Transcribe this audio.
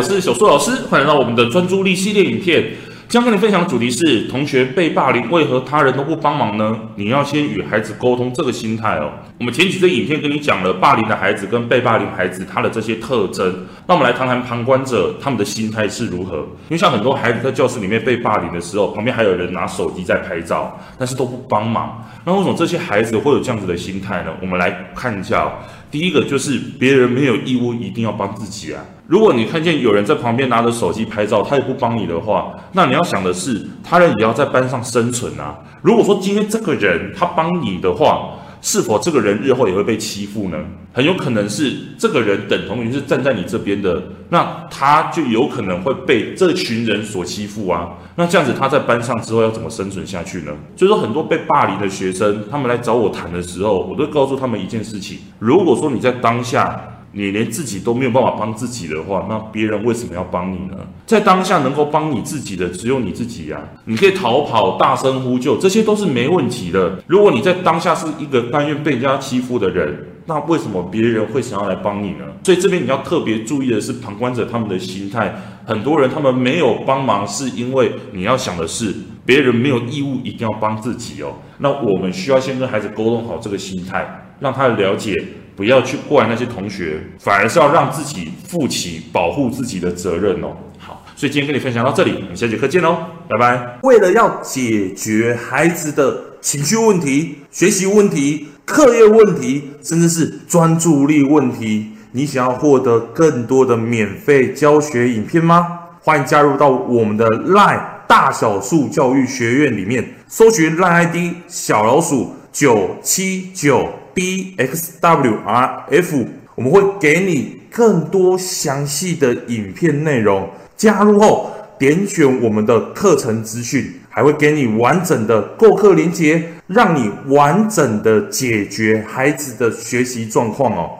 我是小樹老師，歡迎來到我們的專注力系列影片。今天跟你分享的主題是：同學被霸凌，為何他人都不幫忙呢？你要先與孩子溝通這個心態哦。我們前幾則影片跟你講了霸凌的孩子跟被霸凌孩子他的這些特徵，那我們來談談旁觀者他們的心態是如何。因為像很多孩子在教室裡面被霸凌的時候，旁邊還有人拿手機在拍照，但是都不幫忙。那為什麼這些孩子會有這樣子的心態呢？我們來看一下哦。第一個就是別人沒有義務一定要幫自己啊。如果你看見有人在旁邊拿着手機拍照，他也不幫你的話，那你要想的是，他人也要在班上生存啊。如果說今天這個人他幫你的話，是否這個人日後也會被欺負呢？很有可能是這個人等同於是站在你這邊的，那他就有可能會被這群人所欺負啊。那這樣子他在班上之後要怎麼生存下去呢？所以說，很多被霸凌的學生，他們來找我談的時候，我都告訴他們一件事情：如果說你在當下，你連自己都沒有辦法幫自己的話，那別人為什麼要幫你呢？在當下能夠幫你自己的只有你自己呀！你可以逃跑、大聲呼救，這些都是沒問題的。如果你在當下是一個甘願被人家欺負的人，那為什麼別人會想要來幫你呢？所以這邊你要特別注意的是，旁觀者他們的心態。很多人他們沒有幫忙，是因為你要想的是，別人沒有義務一定要幫自己哦。那我們需要先跟孩子溝通好這個心態，讓他了解。不要去怪那些同學，反而是要讓自己負起保護自己的責任哦。好，所以今天跟你分享到這裡，我們下節課見嘍，哦，拜拜。為了要解決孩子的情緒問題、學習問題、課業問題，甚至是專注力問題，你想要獲得更多的免費教學影片嗎？歡迎加入到我們的 LINE 大小樹教育學院裡面，搜尋 LINE ID 小老鼠九七九。e x w r f，我們會給你更多詳細的影片內容。加入後，點選我們的課程資訊，還會給你完整的購課連接，讓你完整的解決孩子的學習狀況哦。